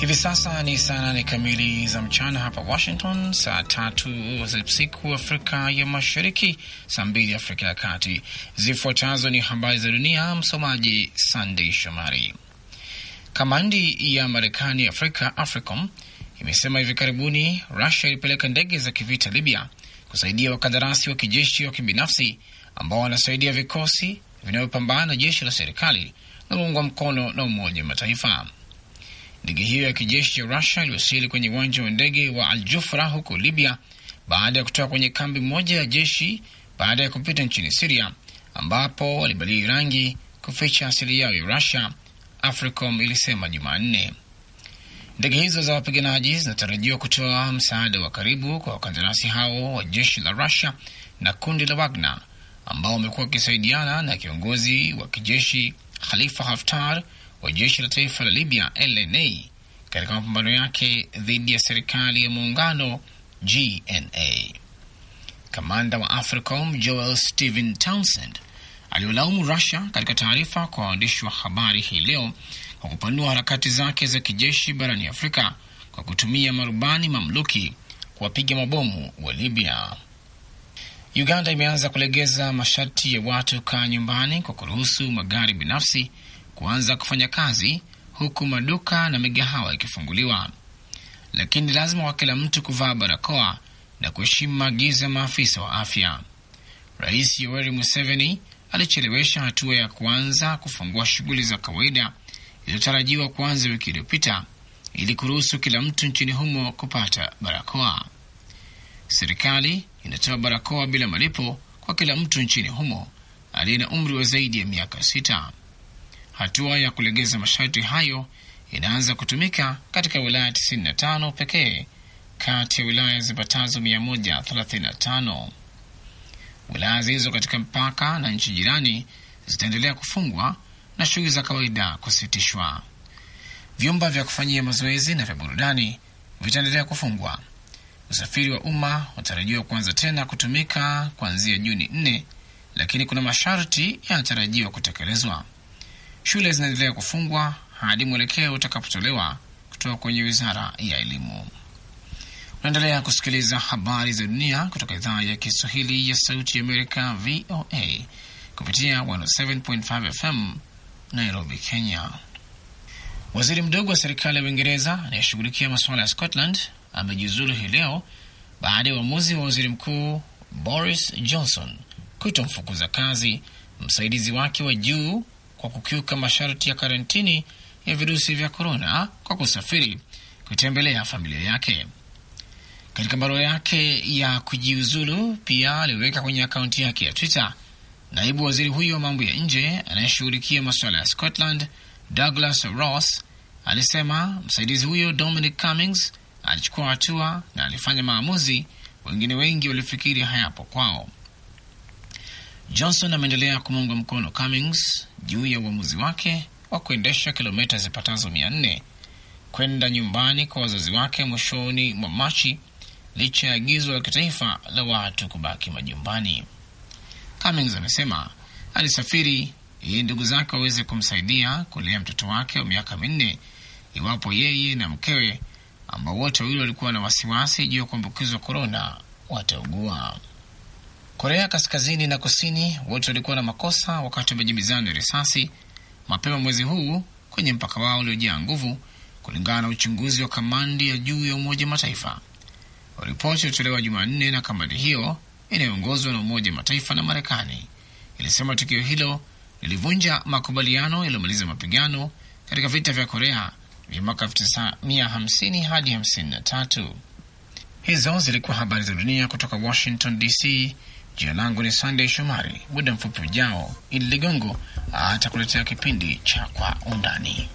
Hivi sasa ni saa nane kamili za mchana hapa Washington, saa tatu za usiku Afrika ya Mashariki, saa mbili Afrika ya Kati. Zifuatazo ni habari za dunia, msomaji sandey Shomari. Kamandi ya Marekani Afrika, AFRICOM, imesema hivi karibuni Rusia ilipeleka ndege za kivita Libya kusaidia wakandarasi wa kijeshi wa kibinafsi ambao wanasaidia vikosi vinavyopambana na jeshi la serikali na muungwa mkono na Umoja wa Mataifa. Ndege hiyo ya kijeshi ya Rusia iliwasili kwenye uwanja wa ndege wa Al Jufra huko Libya baada ya kutoka kwenye kambi moja ya jeshi baada ya kupita nchini Siria ambapo walibadili rangi kuficha asili yao ya Rusia, AFRICOM ilisema Jumanne. Ndege hizo za wapiganaji zinatarajiwa kutoa msaada wa karibu kwa wakandarasi hao wa jeshi la Rusia na kundi la Wagner ambao wamekuwa wakisaidiana na kiongozi wa kijeshi Khalifa Haftar wa jeshi la taifa la Libya LNA katika mapambano yake dhidi ya serikali ya muungano GNA. Kamanda wa AFRICOM Joel Stephen Townsend aliolaumu Rusia katika taarifa kwa waandishi wa habari hii leo kwa kupanua harakati zake za kijeshi barani Afrika kwa kutumia marubani mamluki kuwapiga mabomu wa Libya. Uganda imeanza kulegeza masharti ya watu kaa nyumbani kwa kuruhusu magari binafsi kuanza kufanya kazi huku maduka na migahawa ikifunguliwa, lakini lazima kwa kila mtu kuvaa barakoa na kuheshimu maagizo ya maafisa wa afya. Rais Yoweri Museveni alichelewesha hatua ya kuanza kufungua shughuli za kawaida iliyotarajiwa kuanza wiki iliyopita ili kuruhusu kila mtu nchini humo kupata barakoa. Serikali inatoa barakoa bila malipo kwa kila mtu nchini humo aliye na umri wa zaidi ya miaka sita. Hatua ya kulegeza masharti hayo inaanza kutumika katika wilaya 95 pekee kati ya wilaya zipatazo 135. Wilaya zilizo katika mpaka na nchi jirani zitaendelea kufungwa na shughuli za kawaida kusitishwa. Vyumba vya kufanyia mazoezi na vya burudani vitaendelea kufungwa. Usafiri wa umma unatarajiwa kuanza tena kutumika kuanzia Juni 4, lakini kuna masharti yanatarajiwa kutekelezwa. Shule zinaendelea kufungwa hadi mwelekeo utakapotolewa kutoka kwenye wizara ya elimu. Unaendelea kusikiliza habari za dunia kutoka idhaa ya Kiswahili ya Sauti ya Amerika, VOA, kupitia 107.5 FM Nairobi, Kenya. Waziri mdogo wa serikali ya Uingereza anayeshughulikia masuala ya Scotland amejiuzulu hii leo baada ya uamuzi wa waziri mkuu Boris Johnson kutomfukuza kazi msaidizi wake wa juu kwa kukiuka masharti ya karantini ya virusi vya korona kwa kusafiri kutembelea familia yake. Katika barua yake ya kujiuzulu pia aliweka kwenye akaunti yake ya Twitter, naibu waziri huyo wa mambo ya nje anayeshughulikia masuala ya Scotland Douglas Ross alisema msaidizi huyo Dominic Cummings alichukua hatua na alifanya maamuzi wengine wengi walifikiri hayapo kwao. Johnson ameendelea kumuunga mkono Cummings juu ya uamuzi wake wa kuendesha kilomita zipatazo mia nne kwenda nyumbani kwa wazazi wake mwishoni mwa Machi licha ya agizo la kitaifa la watu kubaki majumbani. Cummings amesema alisafiri ili ndugu zake waweze kumsaidia kulea mtoto wake wa miaka minne, iwapo yeye na mkewe ambao wote wawili walikuwa na wasiwasi juu ya kuambukizwa korona wataugua. Korea Kaskazini na Kusini wote walikuwa na makosa wakati wa majibizano ya risasi mapema mwezi huu kwenye mpaka wao uliojaa nguvu, kulingana na uchunguzi wa kamandi ya juu ya Umoja Mataifa. Ripoti iliyotolewa Jumanne na kamandi hiyo inayoongozwa na Umoja Mataifa na Marekani ilisema tukio hilo lilivunja makubaliano yaliyomaliza mapigano katika vita vya Korea vya mwaka 1950 hadi 53. Hizo zilikuwa habari za dunia kutoka Washington DC. Jina langu ni Sandey Shomari. Muda mfupi ujao, Idi Ligongo atakuletea kipindi cha Kwa Undani.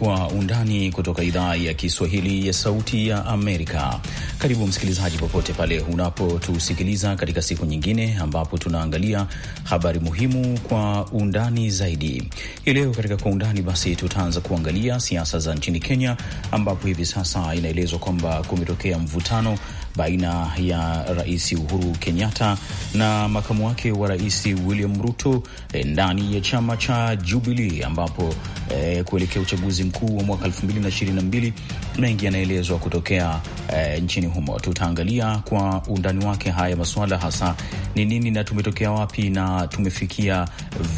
kwa undani kutoka idhaa ya Kiswahili ya Sauti ya Amerika. Karibu msikilizaji, popote pale unapotusikiliza katika siku nyingine ambapo tunaangalia habari muhimu kwa undani zaidi. Hii leo katika kwa undani, basi tutaanza kuangalia siasa za nchini Kenya ambapo hivi sasa inaelezwa kwamba kumetokea mvutano baina ya Rais Uhuru Kenyatta na makamu wake wa rais William Ruto eh, ndani ya chama cha Jubilee, ambapo e, kuelekea uchaguzi mkuu wa mwaka 2022 mengi yanaelezwa kutokea e, nchini humo. Tutaangalia kwa undani wake haya masuala hasa ni nini na tumetokea wapi na tumefikia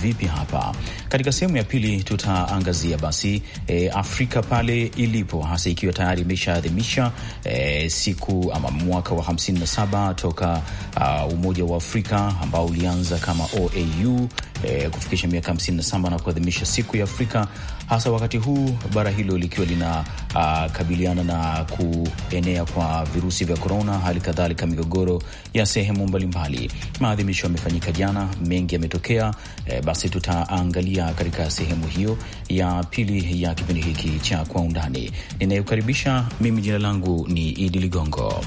vipi hapa. Katika sehemu ya pili tutaangazia basi e, Afrika pale ilipo hasa ikiwa tayari imeshaadhimisha e, siku ama mwaka wa 57 toka uh, Umoja wa Afrika ambao ulianza kama OAU eh, kufikisha miaka 57 na kuadhimisha siku ya Afrika, hasa wakati huu bara hilo likiwa linakabiliana ah, uh, na kuenea kwa virusi vya korona, hali kadhalika migogoro ya sehemu mbalimbali. Maadhimisho yamefanyika jana, mengi yametokea. Eh, basi tutaangalia katika sehemu hiyo ya pili ya kipindi hiki cha Kwa Undani. Ninayokaribisha mimi, jina langu ni Idi Ligongo.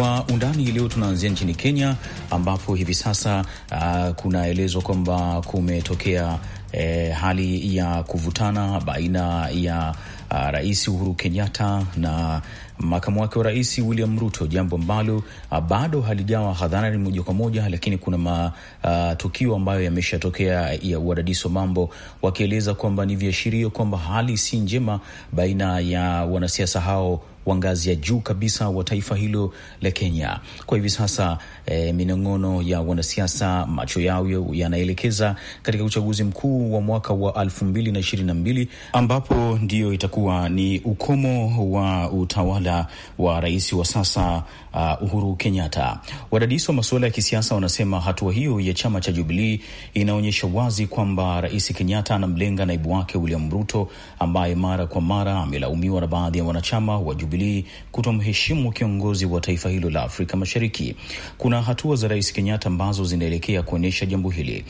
Kwa undani leo tunaanzia nchini Kenya ambapo hivi sasa uh, kunaelezwa kwamba kumetokea eh, hali ya kuvutana baina ya uh, Rais Uhuru Kenyatta na makamu wake wa rais William Ruto, jambo ambalo uh, bado halijawa hadharani moja kwa moja, lakini kuna matukio uh, ambayo yameshatokea ya wadadisi wa mambo wakieleza kwamba ni viashirio kwamba hali si njema baina ya wanasiasa hao wa ngazi ya juu kabisa wa taifa hilo la Kenya. Kwa hivi sasa e, minong'ono ya wanasiasa macho yao yanaelekeza katika uchaguzi mkuu wa mwaka wa elfu mbili na ishirini na mbili ambapo ndiyo itakuwa ni ukomo wa utawala wa rais wa sasa uh, Uhuru Kenyatta. Wadadisi wa masuala ya kisiasa wanasema hatua hiyo ya chama cha Jubilii inaonyesha wazi kwamba Rais Kenyatta anamlenga naibu wake William Ruto ambaye mara kwa mara amelaumiwa na baadhi ya wanachama wa Jubilii Jubilii kutomheshimu kiongozi wa taifa hilo la Afrika Mashariki. Kuna hatua za Rais Kenyatta ambazo zinaelekea kuonyesha jambo hili.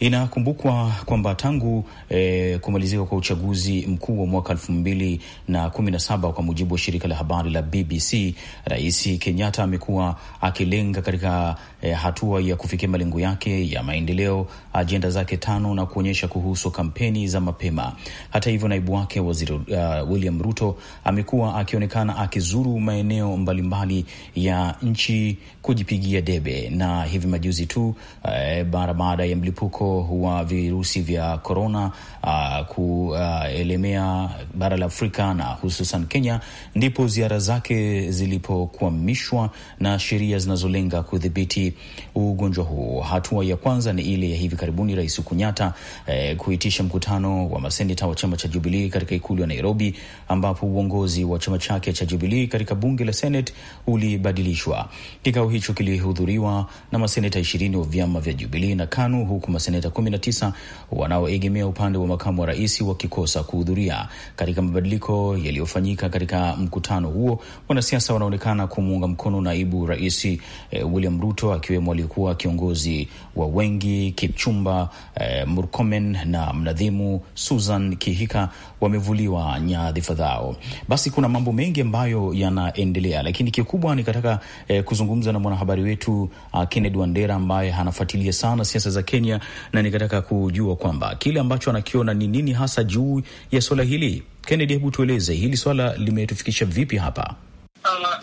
Inakumbukwa kwamba tangu e, kumalizika kwa uchaguzi mkuu wa mwaka elfu mbili na kumi na saba kwa mujibu wa shirika la habari la BBC, Rais Kenyatta amekuwa akilenga katika e, hatua ya kufikia malengo yake ya maendeleo, ajenda zake tano na kuonyesha kuhusu kampeni za mapema. Hata hivyo, naibu wake waziri uh, William Ruto amekuwa akionekana akizuru maeneo mbalimbali ya nchi kujipigia debe. Na hivi majuzi tu eh, mara eh, baada ya mlipuko wa virusi vya korona uh, ah, kuelemea uh, bara la Afrika na hususan Kenya, ndipo ziara zake zilipokwamishwa na sheria zinazolenga kudhibiti ugonjwa huu. Hatua ya kwanza ni ile ya hivi karibuni Rais Kenyatta eh, kuitisha mkutano wa maseneta wa chama cha Jubilii katika ikulu ya Nairobi, ambapo uongozi wa chama chake cha Jubilii katika bunge la Senate ulibadilishwa kikao hicho kilihudhuriwa na maseneta ishirini wa vyama vya Jubilii na KANU huku maseneta kumi na tisa wanaoegemea upande wa makamu wa rais wakikosa kuhudhuria katika mabadiliko yaliyofanyika katika mkutano huo. Wanasiasa wanaonekana kumuunga mkono naibu rais eh, William Ruto akiwemo aliyekuwa kiongozi wa Wengi Kipchumba, eh, Murkomen na mnadhimu Susan Kihika wamevuliwa nyadhifa zao. Basi kuna mambo mengi ambayo yanaendelea, lakini kikubwa nikataka eh, kuzungumza na mwanahabari wetu uh, Kennedy Wandera ambaye anafuatilia sana siasa za Kenya na nikataka kujua kwamba kile ambacho anakiona ni nini hasa juu ya swala hili. Kennedy, hebu tueleze hili swala limetufikisha vipi hapa?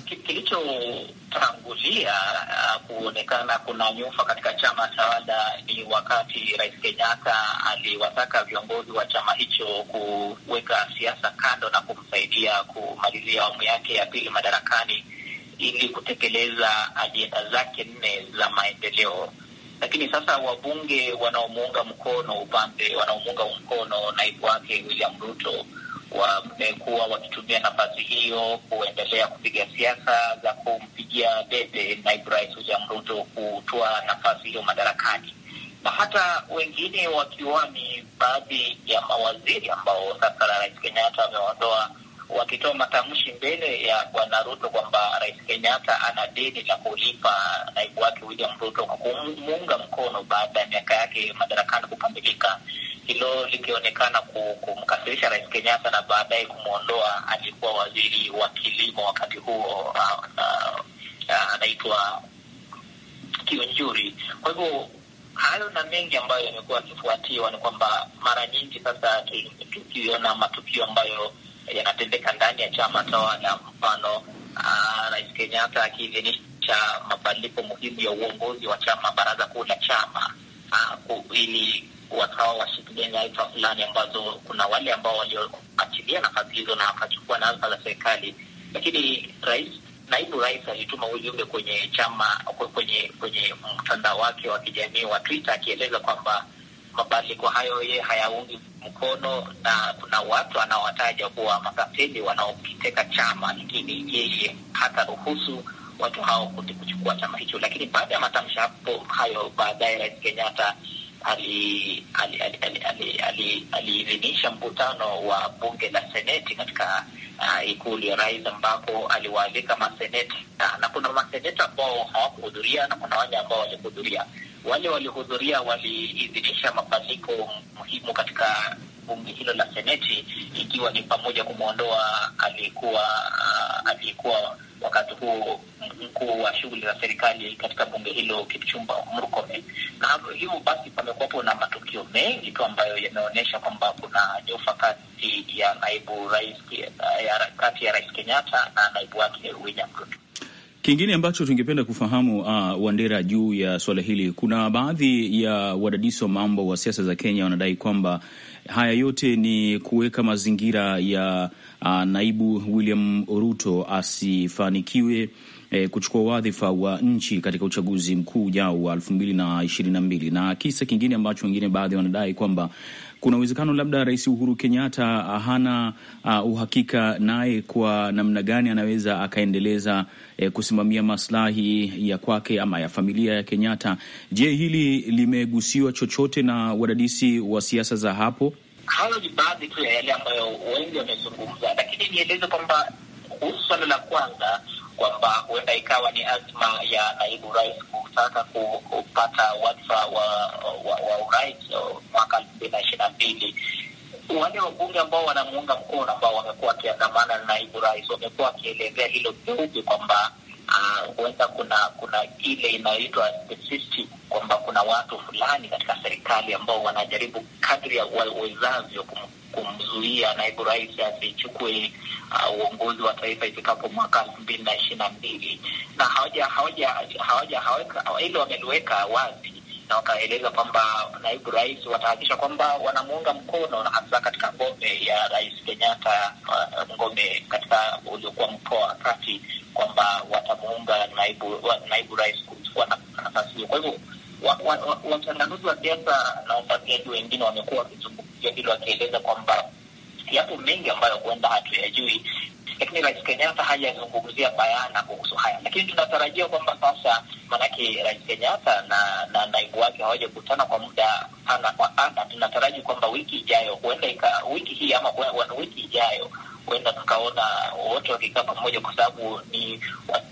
kilicho kilichotangulia uh, kuonekana kuna nyufa katika chama tawala ni wakati Rais Kenyatta aliwataka viongozi wa chama hicho kuweka siasa kando na kumsaidia kumalizia awamu yake ya pili madarakani ili kutekeleza ajenda zake nne za maendeleo. Lakini sasa wabunge wanaomuunga mkono upande wanaomuunga mkono naibu wake William Ruto wamekuwa wakitumia nafasi hiyo kuendelea kupiga siasa za kumpigia debe naibu rais William Ruto kutoa nafasi hiyo madarakani, na hata wengine wakiwa ni baadhi ya mawaziri ambao sasa rais Kenyatta amewaondoa wakitoa matamshi mbele ya bwana Ruto kwamba rais Kenyatta ana deni la kulipa naibu wake William Ruto kwa kumuunga mkono baada ya miaka yake madarakani likionekana kumkasirisha Rais Kenyatta na baadaye kumwondoa aliyekuwa waziri wa kilimo wakati huo, uh, uh, uh, anaitwa Kiunjuri. Kwa hivyo hayo na mengi ambayo yamekuwa yakifuatiwa ni kwamba mara nyingi sasa tukiona matukio ambayo yanatendeka ndani ya chama tawala, mfano Rais Kenyatta akiidhinisha mabadiliko muhimu ya uongozi wa chama, baraza kuu la chama ili wakawa washikilia nyadhifa fulani ambazo kuna wale ambao walioachilia nafasi hizo na wakachukua nafasi za serikali. Lakini rais, naibu rais alituma ujumbe kwenye chama, kwenye kwenye mtandao wake wa kijamii wa Twitter akieleza kwamba mabadiliko hayo ye hayaungi mkono na kuna watu anaowataja kuwa matapeli wanaokiteka chama, lakini yeye hata ruhusu watu hao kuchukua chama hicho. Lakini baada ya matamshi hapo hayo, baadaye rais Kenyatta aliidhinisha mkutano wa bunge la seneti katika uh, ikulu ya rais ambapo aliwaalika maseneta ah, na, na kuna maseneta ambao hawakuhudhuria na kuna wale ambao walihudhuria. Wale walihudhuria waliidhinisha mabadiliko muhimu katika bunge hilo la Seneti, ikiwa ni pamoja kumwondoa aliyekuwa uh, aliyekuwa wakati huo mkuu wa shughuli za serikali katika bunge hilo Kipchumba Murkomen, na hivyo basi pamekuwapo na matukio mengi tu ambayo yameonyesha kwamba kuna jofa kati ya naibu rais kati ya rais Kenyatta na naibu wake William Ruto. Kingine ambacho tungependa kufahamu uh, Wandera, juu ya suala hili, kuna baadhi ya wadadisi wa mambo wa siasa za Kenya wanadai kwamba Haya yote ni kuweka mazingira ya uh, naibu William Ruto asifanikiwe E, kuchukua wadhifa wa nchi katika uchaguzi mkuu ujao wa elfu mbili na ishirini na mbili. Na kisa kingine ambacho wengine baadhi wanadai kwamba kuna uwezekano labda Rais Uhuru Kenyatta hana uh, uhakika naye kwa namna gani anaweza akaendeleza eh, kusimamia maslahi ya kwake ama ya familia ya Kenyatta. Je, hili limegusiwa chochote na wadadisi wa siasa za hapo? Hayo ni baadhi tu ya yale ambayo wengi wamezungumza, lakini nieleze kwamba kuhusu swala la kwanza kwamba huenda ikawa ni azma ya naibu rais kutaka kupata wadhifa wa, wa, wa urais uh, mwaka elfu mbili na ishirini na mbili. Wale wabunge ambao wanamuunga mkono ambao wamekuwa wakiandamana na naibu rais wamekuwa wakielezea hilo vugu kwamba uh, huenda uh, kuna kuna ile inayoitwa kwamba kuna watu fulani katika serikali ambao wanajaribu kadri ya wawezavyo kumzuia naibu rais asichukue uh, uongozi wa taifa ifikapo mwaka elfu mbili na ishirini na mbili na hawaja hawaja hawaja wameliweka wazi na wakaeleza kwamba naibu rais watahakisha kwamba wanamuunga mkono na hasa katika ngome ya rais Kenyatta, uh, ngome katika uliokuwa mkoa wa kati, kwamba watamuunga naibu, naibu rais kuchukua nafasi hiyo. Kwa hivyo wachanganuzi wa siasa wa, na wafuatiliaji wengine wamekuwa wakizungumzia hilo, wakieleza kwamba yapo mengi ambayo huenda hatuyajui, lakini Rais Kenyatta hajazungumzia bayana kuhusu haya, lakini tunatarajia kwamba sasa, maanake Rais Kenyatta na, na naibu wake hawajakutana kwa muda ana kwa ana. Tunataraji kwamba wiki ijayo huenda wiki hii ama wiki ijayo huenda tukaona wote wakikaa pamoja, kwa sababu ni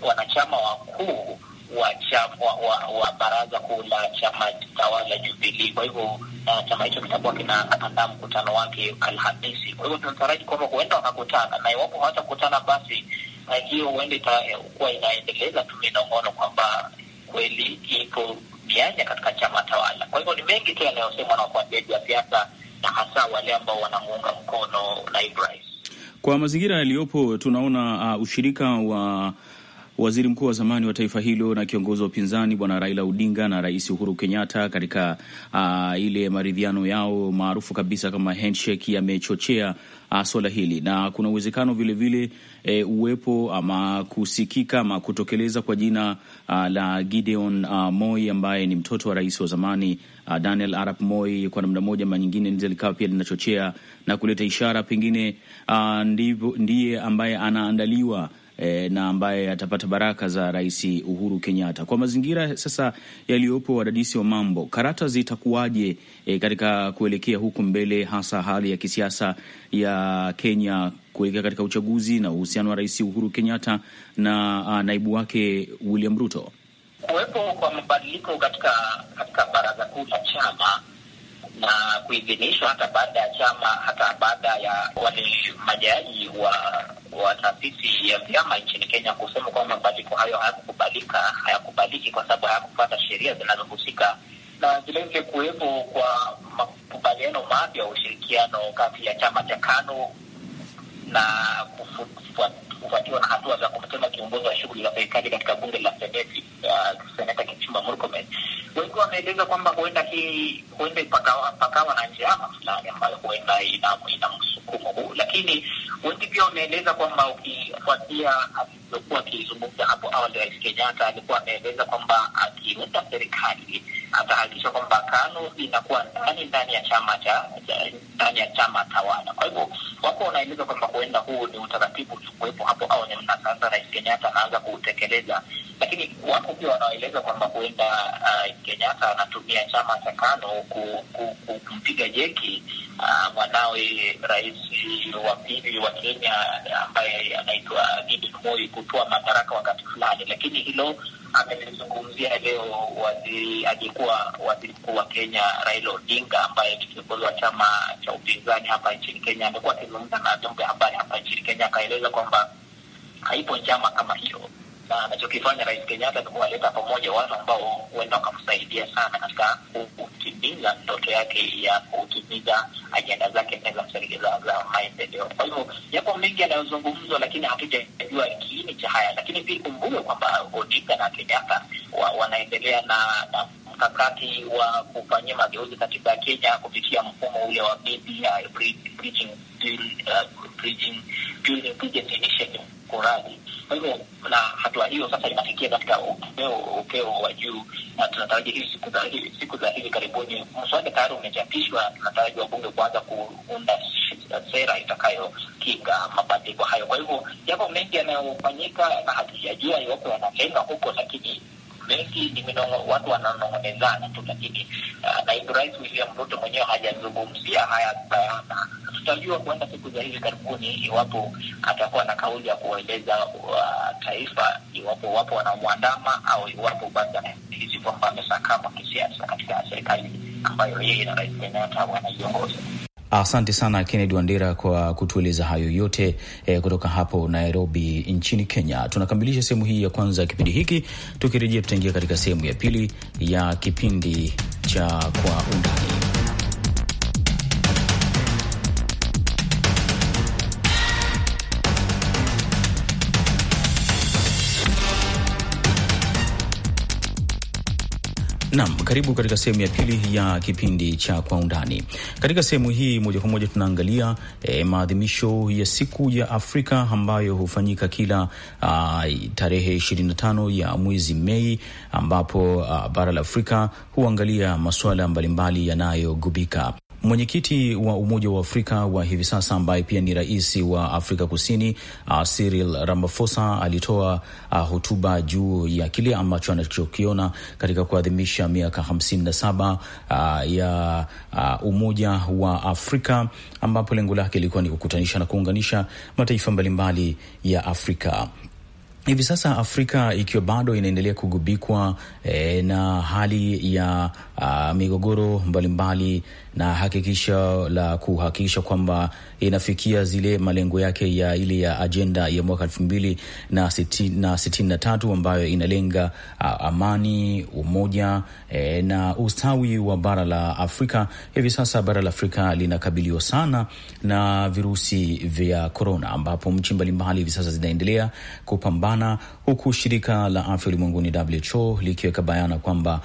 wanachama wakuu wa chama wa, wa baraza kuu la chama tawala Jubilii. Kwa hivyo uh, chama hicho kitakuwa kinaandaa mkutano wake Alhamisi. Kwa hivyo tunataraji kwamba huenda wakakutana, na iwapo hawatakutana basi hiyo huenda itakuwa inaendeleza tu minong'ono kwamba kweli ipo mianya katika chama tawala. Kwa hivyo ni mengi tu yanayosemwa na wafuatiliaji wa siasa na hasa wale ambao wanamuunga mkono naibu rais. Kwa mazingira yaliyopo tunaona uh, ushirika wa Waziri mkuu wa zamani wa taifa hilo na kiongozi wa upinzani bwana Raila Odinga na Rais Uhuru Kenyatta katika uh, ile maridhiano yao maarufu kabisa kama handshake yamechochea uh, swala hili, na kuna uwezekano vilevile e, eh, uwepo ama kusikika ama kutokeleza kwa jina uh, la Gideon uh, Moi ambaye ni mtoto wa rais wa zamani uh, Daniel Arap Moi. Kwa namna moja ama nyingine ndizo likawa pia linachochea na kuleta ishara pengine uh, ndiye ambaye anaandaliwa eh, na ambaye atapata baraka za Rais Uhuru Kenyatta. Kwa mazingira sasa yaliyopo, wadadisi wa mambo, karata zitakuwaje eh, katika kuelekea huku mbele, hasa hali ya kisiasa ya Kenya kuelekea katika uchaguzi na uhusiano wa Rais Uhuru Kenyatta na a, naibu wake William Ruto? Kuwepo kwa mabadiliko katika, katika baraza kuu la chama na kuidhinishwa hata baada ya chama hata baada ya wale majaji wa wa taasisi ya vyama nchini Kenya kusema kwamba mabadiliko hayo hayakukubalika, hayakubaliki kwa sababu hayakufuata sheria zinazohusika na vilevile kuwepo kwa makubaliano mapya ya ushirikiano kati ya chama cha KANU na kufuata kufuatiwa na hatua za kumtema kiongozi wa shughuli za serikali katika bunge la seneti, uh, seneta Kipchumba Murkomen. Wengi wameeleza kwamba huenda hii huenda pakawa na njama fulani ambayo huenda ina, ina msukumo huu, lakini wengi pia wameeleza kwamba ukifuatia alivyokuwa akizungumza hapo awali, Rais Kenyatta alikuwa ameeleza kwamba akiunda serikali atahakikisha kwamba KANU inakuwa ndani ndani ya chama cha ndani ya chama tawala. Kwa hivyo wako wanaeleza kwamba huenda huu ni utaratibu uliokuwepo hapo awali, na sasa Rais Kenyatta anaanza kuutekeleza lakini wapo pia wanaoeleza kwamba huenda uh, Kenyatta anatumia chama cha KANU kumpiga jeki uh, mwanawe uh, rais wa pili wa Kenya ambaye anaitwa Gideon Moi kutoa madaraka wakati fulani, lakini hilo amelizungumzia leo waziri aliyekuwa waziri mkuu wa Kenya Raila Odinga, ambaye ni kiongozi wa chama cha upinzani hapa nchini Kenya. Amekuwa akizungumza na vyombo vya habari hapa nchini Kenya, akaeleza kwamba haipo njama kama hiyo na anachokifanya Rais Kenyatta ni kuwaleta pamoja watu ambao huenda wakamsaidia sana katika kutimiza ndoto yake ya kutimiza ajenda zake za za maendeleo. Kwa hivyo yapo mengi yanayozungumzwa, lakini hatujajua kiini cha haya. Lakini pia ikumbuke kwamba Odinga na Kenyatta wa, wanaendelea na, na mkakati wa kufanyia mageuzi katiba ya Kenya kupitia mfumo ule wa BBI, uh, Bridging Building Initiative uporaji. Kwa hivyo na hatua hiyo sasa inafikia katika upeo upeo wa juu, na tunatarajia hizi siku za siku za hivi karibuni mswada tayari umechapishwa. Tunatarajia wabunge kuanza kuunda sera itakayokinga mabadiliko hayo. Kwa hivyo yapo mengi yanayofanyika na hatujajua iwapo yanalenga huko, lakini mengi niminongo, watu wananong'onezana tu, lakini uh, naibu rais William Ruto mwenyewe hajazungumzia haya bayana. Tutajua kuenda siku za hivi karibuni iwapo atakuwa na kauli ya kueleza uh, taifa iwapo wapo wanamwandama au iwapo basi hizi kwamba amesakama kisiasa katika serikali ambayo yeye na rais Kenyatta wanaiongoza. Asante sana Kennedy Wandera kwa kutueleza hayo yote eh, kutoka hapo Nairobi nchini Kenya. Tunakamilisha sehemu hii ya kwanza ya kipindi hiki. Tukirejea, tutaingia katika sehemu ya pili ya kipindi cha Kwa Undani. Nam, karibu katika sehemu ya pili ya kipindi cha Kwa Undani. Katika sehemu hii moja kwa moja tunaangalia e, maadhimisho ya siku ya Afrika ambayo hufanyika kila a, ah, tarehe 25 ya mwezi Mei, ambapo a, ah, bara la Afrika huangalia masuala mbalimbali yanayogubika Mwenyekiti wa Umoja wa Afrika wa hivi sasa ambaye pia ni rais wa Afrika Kusini uh, Cyril Ramaphosa alitoa uh, hotuba juu ya kile ambacho anachokiona katika kuadhimisha miaka 57 uh, ya uh, Umoja wa Afrika ambapo lengo lake lilikuwa ni kukutanisha na kuunganisha mataifa mbalimbali ya Afrika. Hivi sasa Afrika ikiwa bado inaendelea kugubikwa e, na hali ya a, uh, migogoro mbalimbali na hakikisho la kuhakikisha kwamba inafikia zile malengo yake ya ile ya ajenda ya mwaka elfu mbili na sitini na, sitini na tatu ambayo inalenga amani, umoja e, na ustawi wa bara la Afrika. Hivi sasa bara la Afrika linakabiliwa sana na virusi vya korona, ambapo nchi mbalimbali hivi sasa zinaendelea kupambana huku shirika la afya ulimwenguni WHO likiweka bayana kwamba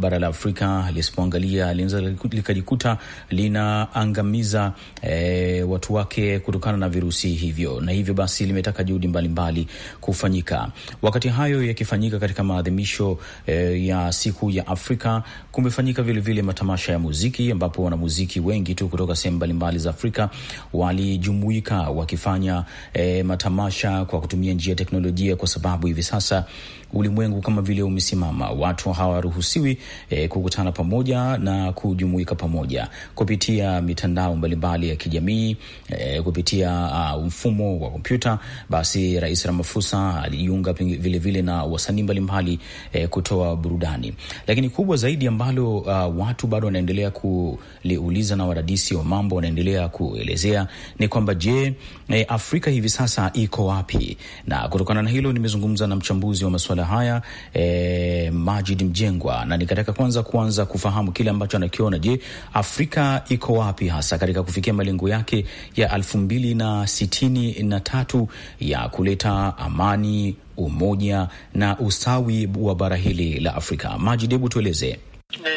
bara la Afrika lisipoangalia linaweza likaji unajikuta linaangamiza e, watu wake kutokana na virusi hivyo, na hivyo basi limetaka juhudi mbalimbali kufanyika. Wakati hayo yakifanyika katika maadhimisho e, ya siku ya Afrika, kumefanyika vilevile matamasha ya muziki, ambapo wanamuziki wengi tu kutoka sehemu mbalimbali za Afrika walijumuika wakifanya e, matamasha kwa kutumia njia ya teknolojia, kwa sababu hivi sasa ulimwengu kama vile umesimama, watu hawaruhusiwi e, kukutana pamoja na kujumuika pamoja pamoja kupitia mitandao mbalimbali ya kijamii e, kupitia uh, mfumo wa kompyuta. Basi Rais ramafusa alijiunga vilevile na wasanii mbalimbali e, kutoa burudani, lakini kubwa zaidi ambalo uh, watu bado wanaendelea kuliuliza na wadadisi wa mambo wanaendelea kuelezea ni kwamba je, e, Afrika hivi sasa iko wapi? Na kutokana na hilo nimezungumza na mchambuzi wa masuala haya e, Majid Mjengwa na nikataka kwanza kuanza kufahamu kile ambacho anakiona. Je, Afrika iko wapi hasa katika kufikia malengo yake ya elfu mbili na sitini na tatu ya kuleta amani, umoja na ustawi wa bara hili la Afrika? Majid, hebu tueleze.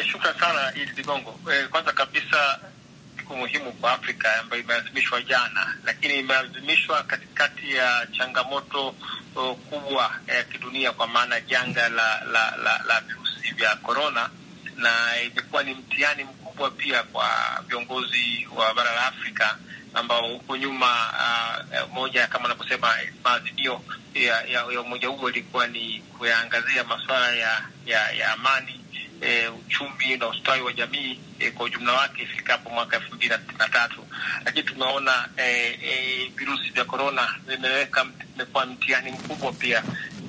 E, shukran sana Idi Ligongo. E, kwanza kabisa siku muhimu kwa Afrika ambayo imeadhimishwa jana, lakini imeadhimishwa katikati ya changamoto o, kubwa eh, ya e, kidunia kwa maana janga la la la, la virusi vya korona, na imekuwa ni mtihani kubwa pia kwa viongozi wa bara la Afrika ambao huko nyuma uh, moja kama anavyosema maazimio ya, ya, ya umoja huo ilikuwa ni kuyaangazia masuala ya, ya, ya amani E, uchumi na ustawi wa jamii e, kwa ujumla wake ifikapo mwaka elfu mbili na sitini na tatu. Lakini tumeona e, e, virusi vya korona vimeweka imekuwa mtihani mkubwa pia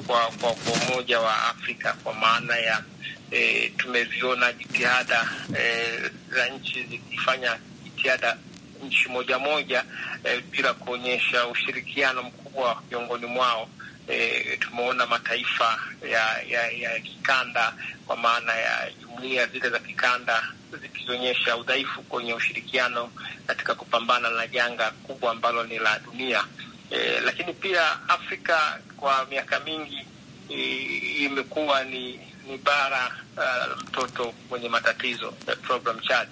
kwa, kwa, kwa umoja wa Afrika kwa maana ya e, tumeziona jitihada e, za nchi zikifanya jitihada nchi moja moja e, bila kuonyesha ushirikiano mkubwa miongoni mwao. E, tumeona mataifa ya, ya, ya kikanda kwa maana ya jumuiya zile za kikanda zikionyesha udhaifu kwenye ushirikiano katika kupambana na janga kubwa ambalo ni la dunia. E, lakini pia Afrika kwa miaka mingi imekuwa ni ni bara uh, mtoto mwenye matatizo problem child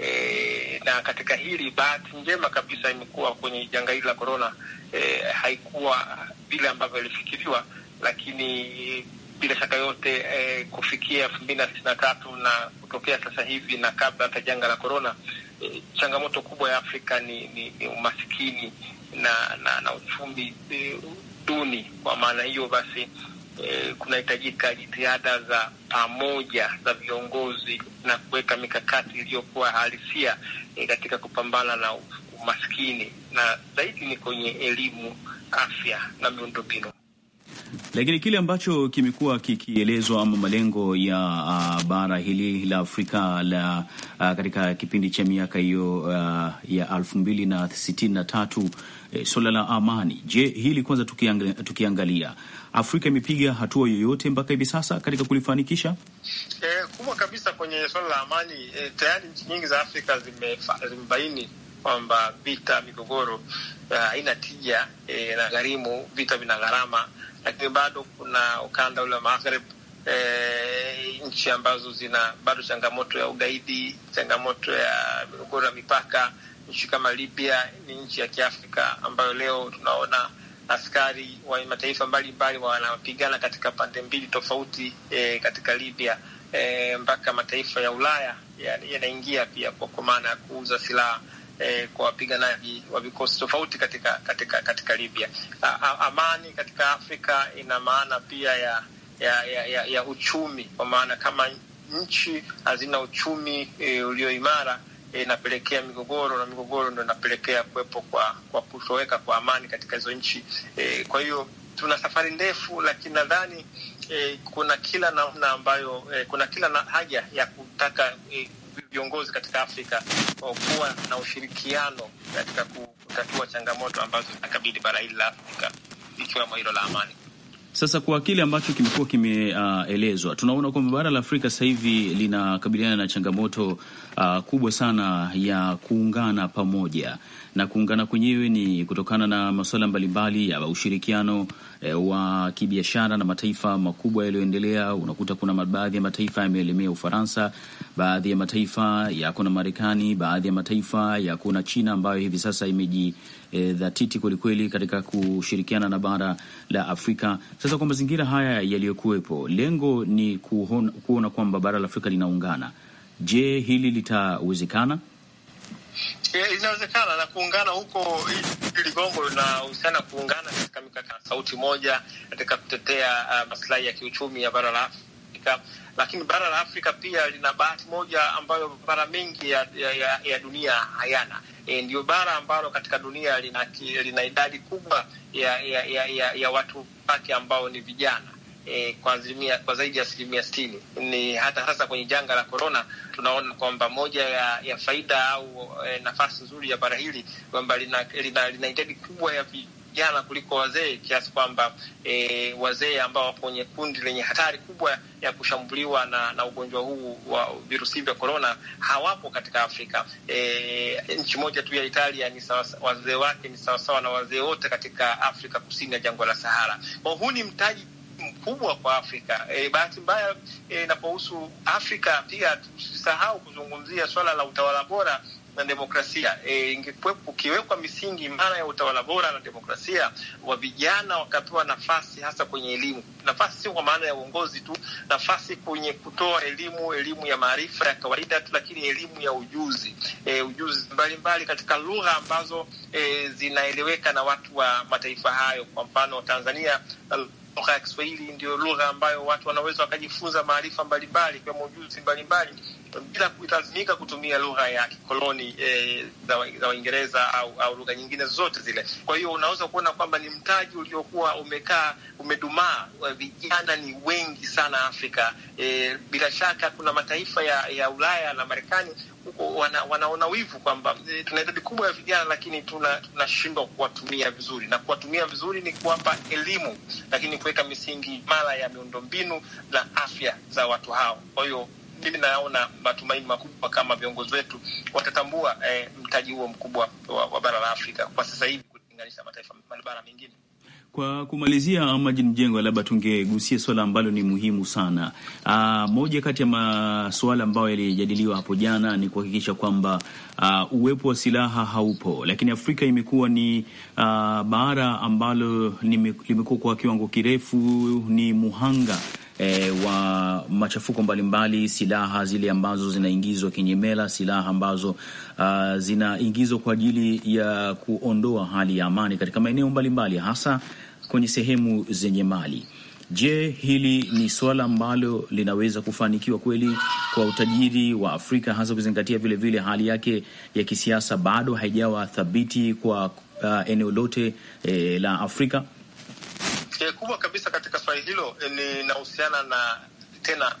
e, na katika hili bahati njema kabisa imekuwa kwenye janga hili la korona e, haikuwa vile ambavyo ilifikiriwa, lakini bila shaka yote e, kufikia elfu mbili na sitini na tatu na kutokea sasa hivi na kabla hata janga la korona e, changamoto kubwa ya Afrika ni, ni, ni umasikini na na, na uchumi e, duni. Kwa maana hiyo basi Eh, kunahitajika jitihada za pamoja za viongozi na kuweka mikakati iliyokuwa halisia e, katika kupambana na umaskini na zaidi ni kwenye elimu, afya na miundombinu. Lakini kile ambacho kimekuwa kikielezwa ama malengo ya uh, bara hili la Afrika la uh, katika kipindi cha miaka hiyo uh, ya elfu mbili na sitini na tatu eh, swala la amani. Je, hili kwanza tukiangalia, tukiangalia Afrika imepiga hatua yoyote mpaka hivi sasa katika kulifanikisha? Eh, kubwa kabisa kwenye swala la amani eh, tayari nchi nyingi za Afrika zimebaini kwamba vita, migogoro haina uh, tija eh, na gharimu, vita vina gharama lakini bado kuna ukanda ule wa Maghreb, e, nchi ambazo zina bado changamoto ya ugaidi, changamoto ya migogoro ya mipaka. Nchi kama Libya ni nchi ya Kiafrika ambayo leo tunaona askari wa mataifa mbalimbali wanapigana katika pande mbili tofauti e, katika Libya e, mpaka mataifa ya Ulaya yanaingia ya pia kwa maana ya kuuza silaha eh, kwa wapiganaji wa vikosi tofauti katika katika katika Libya. A, amani katika Afrika ina maana pia ya ya, ya, ya, ya uchumi kwa maana kama nchi hazina uchumi e, ulio imara e, inapelekea migogoro na migogoro ndo inapelekea kuwepo kwa, kwa kutoweka kwa amani katika hizo nchi e, kwa hiyo tuna safari ndefu, lakini nadhani e, kuna kila namna ambayo e, kuna kila na haja ya kutaka e, viongozi katika Afrika kuwa na ushirikiano katika kutatua changamoto ambazo zinakabili bara hili la Afrika ikiwemo hilo la amani. Sasa kwa kile ambacho kimekuwa kimeelezwa, uh, tunaona kwamba bara la Afrika sasa hivi linakabiliana na changamoto uh, kubwa sana ya kuungana pamoja, na kuungana kwenyewe ni kutokana na masuala mbalimbali ya ushirikiano eh, wa kibiashara na mataifa makubwa yaliyoendelea. Unakuta kuna baadhi ya mataifa yameelemea Ufaransa baadhi ya mataifa yako na Marekani, baadhi ya mataifa yako na China ambayo hivi sasa imejidhatiti e, kwelikweli katika kushirikiana na bara la Afrika. Sasa kwa mazingira haya yaliyokuwepo, lengo ni kuona, kuona kwamba bara la Afrika linaungana. Je, hili litawezekana? E, inawezekana na kuungana huko ligongo linahusiana kuungana katika mikakati sauti moja katika kutetea uh, maslahi ya kiuchumi ya bara la Afrika lakini bara la Afrika pia lina bahati moja ambayo bara mengi ya, ya, ya dunia hayana. E, ndio bara ambalo katika dunia lina, lina idadi kubwa ya, ya, ya, ya, ya watu wake ambao ni vijana e, kwa, kwa zaidi ya asilimia sitini. Ni hata sasa kwenye janga la korona tunaona kwamba moja ya, ya faida au e, nafasi nzuri ya bara hili kwamba lina, lina, lina idadi kubwa ya vijana vijana kuliko wazee, kiasi kwamba e, wazee ambao wapo kwenye kundi lenye hatari kubwa ya kushambuliwa na, na ugonjwa huu wa virusi vya korona hawapo katika Afrika. E, nchi moja tu ya Italia ni wazee wake ni sawasawa na wazee wote katika Afrika kusini ya jangwa la Sahara. Kwa huu ni mtaji mkubwa kwa Afrika. E, bahati mbaya e, inapohusu e, Afrika pia tusisahau kuzungumzia swala la utawala bora na demokrasia e, ukiwekwa misingi imara ya utawala bora na demokrasia wa vijana wakapewa nafasi hasa kwenye elimu. Nafasi sio kwa maana ya uongozi tu, nafasi kwenye kutoa elimu, elimu ya maarifa ya kawaida tu, lakini elimu ya ujuzi e, ujuzi mbalimbali mbali katika lugha ambazo e, zinaeleweka na watu wa mataifa hayo. Kwa mfano Tanzania uh, lugha ya Kiswahili ndio lugha ambayo watu wanaweza wakajifunza maarifa mbalimbali ikiwemo ujuzi mbalimbali bila kulazimika kutumia lugha ya kikoloni e, za Waingereza au, au lugha nyingine zote zile. Kwa hiyo unaweza kuona kwamba ni mtaji uliokuwa umekaa umedumaa. Vijana ni wengi sana Afrika. E, bila shaka kuna mataifa ya, ya Ulaya na Marekani wana, wanaona wivu kwamba eh, tuna idadi kubwa ya vijana lakini tunashindwa tuna kuwatumia vizuri, na kuwatumia vizuri ni kuwapa elimu, lakini kuweka misingi imara ya miundombinu na afya za watu hao. Kwa hiyo mimi naona matumaini makubwa kama viongozi wetu watatambua eh, mtaji huo mkubwa wa, wa bara la Afrika kwa sasa hivi kulinganisha mataifa barabara mengine. Kwa kumalizia Majini Mjengo, labda tungegusia swala ambalo ni muhimu sana. Aa, ah, moja kati ya masuala ambayo yalijadiliwa hapo jana ni kuhakikisha kwamba uh, uwepo wa silaha haupo, lakini Afrika imekuwa ni uh, bara ambalo limekuwa kwa kiwango kirefu ni muhanga e, wa machafuko mbalimbali, silaha zile ambazo zinaingizwa kinyemela, silaha ambazo uh, zinaingizwa kwa ajili ya kuondoa hali ya amani katika maeneo mbalimbali, hasa kwenye sehemu zenye mali. Je, hili ni suala ambalo linaweza kufanikiwa kweli kwa utajiri wa Afrika, hasa ukizingatia vilevile hali yake ya kisiasa bado haijawa thabiti kwa uh, eneo lote eh, la Afrika? Eh, kubwa kabisa katika swali hilo linahusiana eh, na tena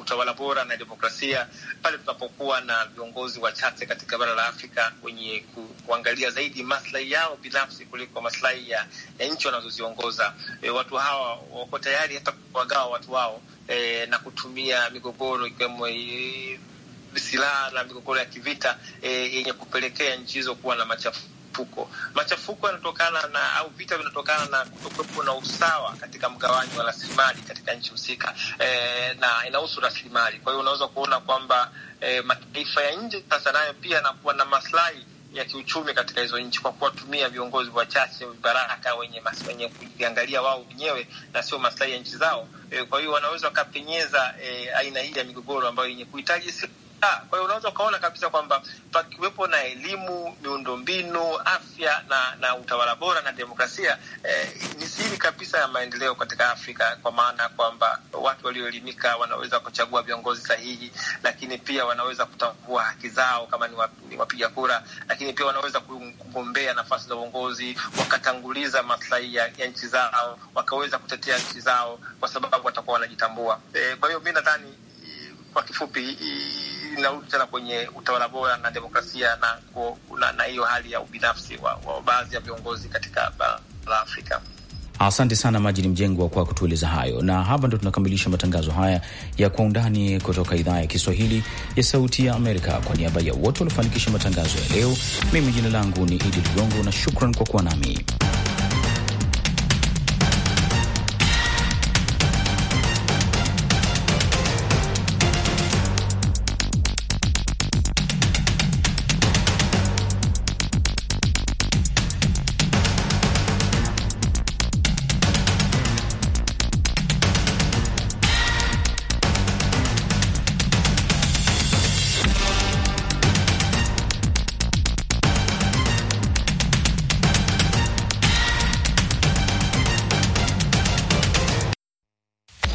utawala bora na demokrasia pale tunapokuwa na viongozi wachache katika bara la Afrika wenye kuangalia zaidi maslahi yao binafsi kuliko maslahi ya, ya nchi wanazoziongoza. E, watu hawa wako tayari hata kuwagawa watu wao e, na kutumia migogoro ikiwemo silaha na migogoro ya kivita e, yenye kupelekea nchi hizo kuwa na machafuko machafuko. Machafuko yanatokana na au vita vinatokana na kutokuwepo na usawa katika mgawanyo wa rasilimali katika nchi husika, e, na inahusu rasilimali. Kwa hiyo unaweza kuona kwamba e, mataifa ya nje sasa nayo pia yanakuwa na maslahi ya kiuchumi katika hizo nchi kwa kuwatumia viongozi wachache vibaraka wenye wenye kujiangalia wao wenyewe na sio maslahi ya nchi zao. E, kwa hiyo wanaweza wakapenyeza e, aina hii ya migogoro ambayo yenye kuhitaji Ah, kwa hiyo unaweza ukaona kabisa kwamba pakiwepo na elimu, miundombinu, afya na, na utawala bora na demokrasia eh, ni siri kabisa ya maendeleo katika Afrika, kwa maana kwamba watu walioelimika wanaweza kuchagua viongozi sahihi, lakini pia wanaweza kutambua haki zao kama ni wapiga kura, lakini pia wanaweza kugombea nafasi za uongozi, wakatanguliza maslahi ya, ya nchi zao, wakaweza kutetea nchi zao kwa sababu watakuwa wanajitambua. Eh, kwa hiyo mi nadhani eh, kwa kifupi eh, linarudi tena kwenye utawala bora na demokrasia na hiyo na hali ya ubinafsi wa, wa baadhi ya viongozi katika bara la Afrika. Asante sana Majini Mjengwa kwa kutueleza hayo, na hapa ndo tunakamilisha matangazo haya ya Kwa Undani kutoka idhaa ya Kiswahili ya Sauti ya Amerika. Kwa niaba ya wote waliofanikisha matangazo ya leo, mimi jina langu ni Idi Ligongo na shukran kwa kuwa nami.